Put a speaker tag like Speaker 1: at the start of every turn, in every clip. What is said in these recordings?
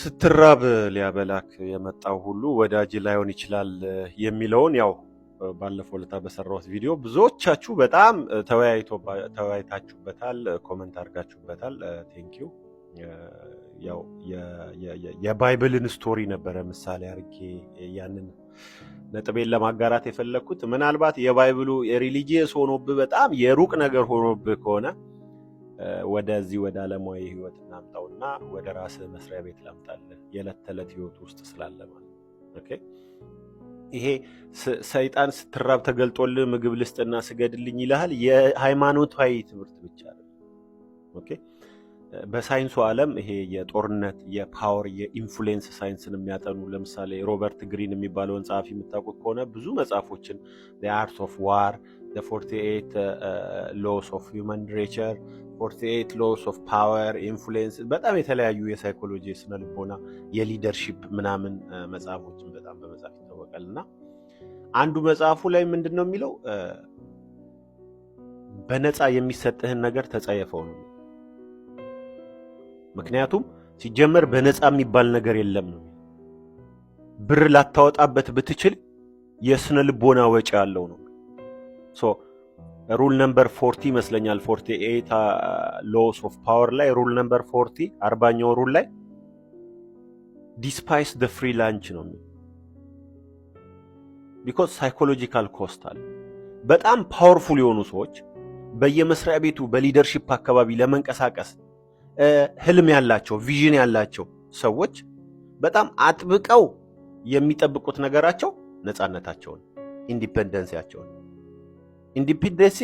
Speaker 1: ስትራብ ሊያበላክ የመጣው ሁሉ ወዳጅ ላይሆን ይችላል የሚለውን ያው ባለፈው ለታ በሰራሁት ቪዲዮ ብዙዎቻችሁ በጣም ተወያይታችሁበታል፣ ኮመንት አድርጋችሁበታል። ቴንኪው። ያው የባይብልን ስቶሪ ነበረ ምሳሌ አድርጌ ያንን ነጥቤን ለማጋራት የፈለግኩት ምናልባት የባይብሉ የሪሊጂየስ ሆኖብህ በጣም የሩቅ ነገር ሆኖብህ ከሆነ ወደዚህ ወደ ዓለማዊ ህይወት እናምጣውና ወደ ራስህ መስሪያ ቤት ላምጣልህ የዕለት ተዕለት ህይወት ውስጥ ስላለ ማለት ይሄ ሰይጣን ስትራብ ተገልጦልህ ምግብ ልስጥና ስገድልኝ ይልሃል። የሃይማኖታዊ ትምህርት ብቻ ነው። ኦኬ። በሳይንሱ ዓለም ይሄ የጦርነት የፓወር የኢንፍሉዌንስ ሳይንስን የሚያጠኑ ለምሳሌ ሮበርት ግሪን የሚባለውን ጸሐፊ የምታውቁት ከሆነ ብዙ መጽሐፎችን አርት ኦፍ ዋር the 48 ሎስ ኦፍ ሂውማን ኔቸር 48 ሎስ ኦፍ ፓወር ኢንፍሉዌንስ፣ በጣም የተለያዩ የሳይኮሎጂ የስነ ልቦና የሊደርሺፕ ምናምን uh, መጽሐፎችን በጣም በመጽሐፍ ይታወቃል። እና አንዱ መጽሐፉ ላይ ምንድን ነው የሚለው uh, በነፃ የሚሰጥህን ነገር ተጸየፈው ነው። ምክንያቱም ሲጀመር በነፃ የሚባል ነገር የለም ነው። ብር ላታወጣበት ብትችል የስነ ልቦና ወጪ ያለው ነው ሩል ነምበር ፎርቲ ይመስለኛል ፎርቲ ኤት ሎስ ኦፍ ፓወር ላይ ሩል ነምበር ፎርቲ አርባኛው ሩል ላይ ዲስፓይስ ደ ፍሪ ላንች ነው የሚል ቢኮዝ ሳይኮሎጂካል ኮስት አለ። በጣም ፓወርፉል የሆኑ ሰዎች በየመስሪያ ቤቱ በሊደርሺፕ አካባቢ ለመንቀሳቀስ uh, ህልም ያላቸው ቪዥን ያላቸው ሰዎች በጣም አጥብቀው የሚጠብቁት ነገራቸው ነፃነታቸውን ኢንዲፐንደንሲያቸውን ኢንዲፔንደንሲ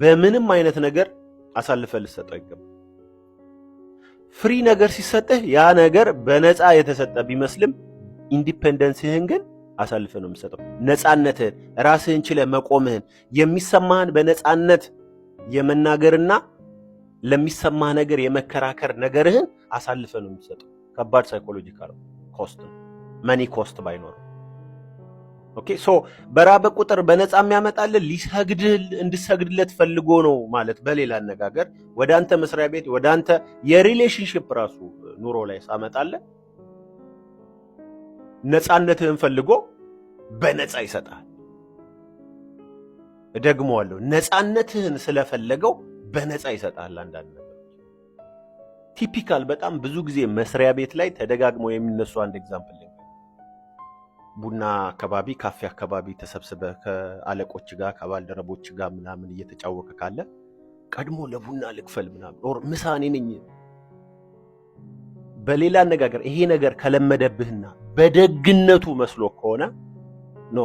Speaker 1: በምንም አይነት ነገር አሳልፈ ልሰጠው አይገባም። ፍሪ ነገር ሲሰጥህ ያ ነገር በነፃ የተሰጠ ቢመስልም ኢንዲፔንደንስህን ግን አሳልፈ ነው የምሰጠው። ነፃነትህን፣ ራስህን ችለ መቆምህን፣ የሚሰማህን በነፃነት የመናገርና ለሚሰማህ ነገር የመከራከር ነገርህን አሳልፈ ነው የምሰጠው። ከባድ ሳይኮሎጂካል ኮስት ነው፣ መኒ ኮስት ባይኖርም ኦኬ ሶ በራበ ቁጥር በነፃ የሚያመጣልን ሊሰግድል እንድሰግድለት ፈልጎ ነው ማለት። በሌላ አነጋገር ወደ አንተ መስሪያ ቤት ወደ አንተ የሪሌሽንሽፕ ራሱ ኑሮ ላይ ሳመጣለ ነፃነትህን ፈልጎ በነፃ ይሰጣል። እደግመዋለሁ፣ ነፃነትህን ስለፈለገው በነፃ ይሰጣል። አንዳንድ ነገሮች ቲፒካል በጣም ብዙ ጊዜ መስሪያ ቤት ላይ ተደጋግመው የሚነሱ አንድ ኤግዛምፕል ቡና አካባቢ ካፌ አካባቢ ተሰብስበ ከአለቆች ጋር ከባልደረቦች ጋር ምናምን እየተጫወከ ካለ ቀድሞ ለቡና ልክፈል ምናምን ኦር ምሳኔ ነኝ። በሌላ አነጋገር ይሄ ነገር ከለመደብህና በደግነቱ መስሎ ከሆነ ኖ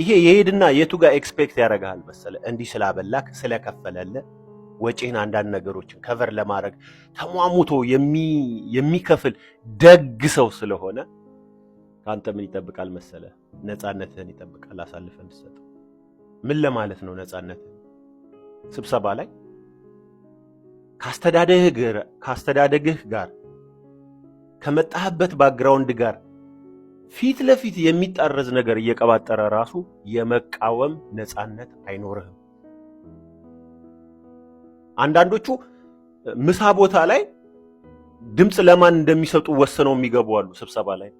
Speaker 1: ይሄ የሄድና የቱ ጋር ኤክስፔክት ያደርግሃል መሰለ እንዲህ ስላበላክ ስለከፈለለ ወጪህን አንዳንድ ነገሮችን ከቨር ለማድረግ ተሟሙቶ የሚከፍል ደግ ሰው ስለሆነ ከአንተ ምን ይጠብቃል መሰለ? ነፃነትህን ይጠብቃል። አሳልፈ እንድትሰጥ ምን ለማለት ነው? ነፃነትህን ስብሰባ ላይ ከአስተዳደግህ ጋር ከመጣህበት ባክግራውንድ ጋር ፊት ለፊት የሚጣረዝ ነገር እየቀባጠረ ራሱ የመቃወም ነፃነት አይኖርህም። አንዳንዶቹ ምሳ ቦታ ላይ ድምፅ ለማን እንደሚሰጡ ወስነው የሚገቡ አሉ ስብሰባ ላይ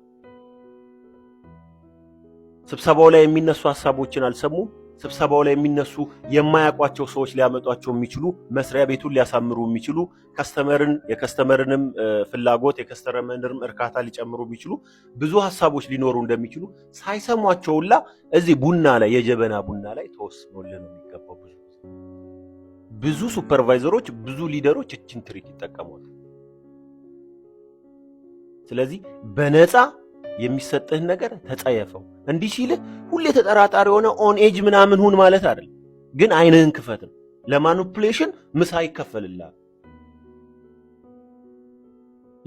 Speaker 1: ስብሰባው ላይ የሚነሱ ሀሳቦችን አልሰሙም። ስብሰባው ላይ የሚነሱ የማያውቋቸው ሰዎች ሊያመጧቸው የሚችሉ መስሪያ ቤቱን ሊያሳምሩ የሚችሉ ከስተመርን የከስተመርንም ፍላጎት የከስተመርንም እርካታ ሊጨምሩ የሚችሉ ብዙ ሀሳቦች ሊኖሩ እንደሚችሉ ሳይሰሟቸውላ እዚህ ቡና ላይ የጀበና ቡና ላይ ተወስኖልን ነው የሚገባው። ብዙ ብዙ ሱፐርቫይዘሮች ብዙ ሊደሮች እችን ትሪክ ይጠቀማሉ። ስለዚህ በነፃ የሚሰጥህን ነገር ተጸየፈው። እንዲህ ሲልህ ሁሌ ተጠራጣሪ የሆነ ኦን ኤጅ ምናምን ሁን ማለት አይደል፣ ግን አይንህን ክፈትም። ለማኒፕሌሽን ምሳ ይከፈልልሃል።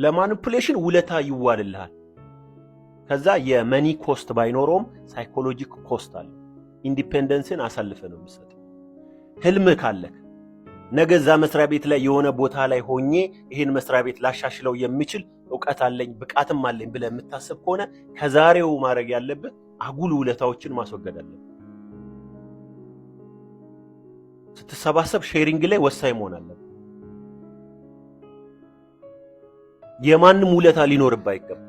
Speaker 1: ለማኒፑሌሽን ውለታ ይዋልልሃል። ከዛ የመኒ ኮስት ባይኖረውም ሳይኮሎጂክ ኮስት አለ። ኢንዲፔንደንስን አሳልፈ ነው የሚሰጥ። ህልም ካለክ ነገ እዛ መስሪያ ቤት ላይ የሆነ ቦታ ላይ ሆኜ ይህን መስሪያ ቤት ላሻሽለው የምችል እውቀት አለኝ ብቃትም አለኝ ብለህ የምታስብ ከሆነ ከዛሬው ማድረግ ያለብህ አጉል ውለታዎችን ማስወገድ አለብህ። ስትሰባሰብ ሼሪንግ ላይ ወሳኝ መሆን አለብህ። የማንም ውለታ ሊኖርብህ አይገባም።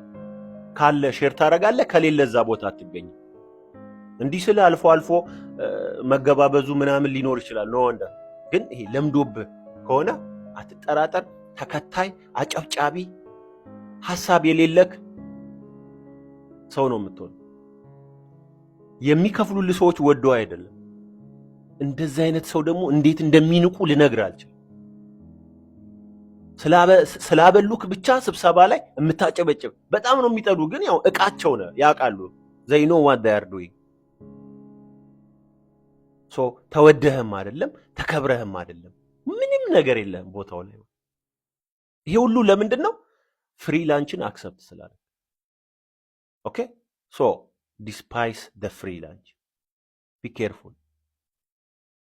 Speaker 1: ካለ ሼር ታደርጋለህ፣ ከሌለ እዛ ቦታ አትገኝም። እንዲህ ስለ አልፎ አልፎ መገባበዙ ምናምን ሊኖር ይችላል ነው ግን ይሄ ለምዶብህ ከሆነ አትጠራጠር፣ ተከታይ አጨብጫቢ ሐሳብ የሌለክ ሰው ነው የምትሆን። የሚከፍሉልህ ሰዎች ወዶ አይደለም። እንደዚህ አይነት ሰው ደግሞ እንዴት እንደሚንቁ ልነግር አልችልም። ስላበሉክ ብቻ ስብሰባ ላይ የምታጨበጭብ በጣም ነው የሚጠሉ። ግን ያው እቃቸው ነው ያውቃሉ። ዘይኖ ዋት ዳይ ሶ ተወደህም አይደለም ተከብረህም አይደለም ምንም ነገር የለህም ቦታው ላይ። ይሄ ሁሉ ለምንድን ነው? ፍሪላንችን አክሰፕት ስላደረግ ኦኬ ሶ ዲስፓይስ ደ ፍሪላንች ቢ ኬርፉል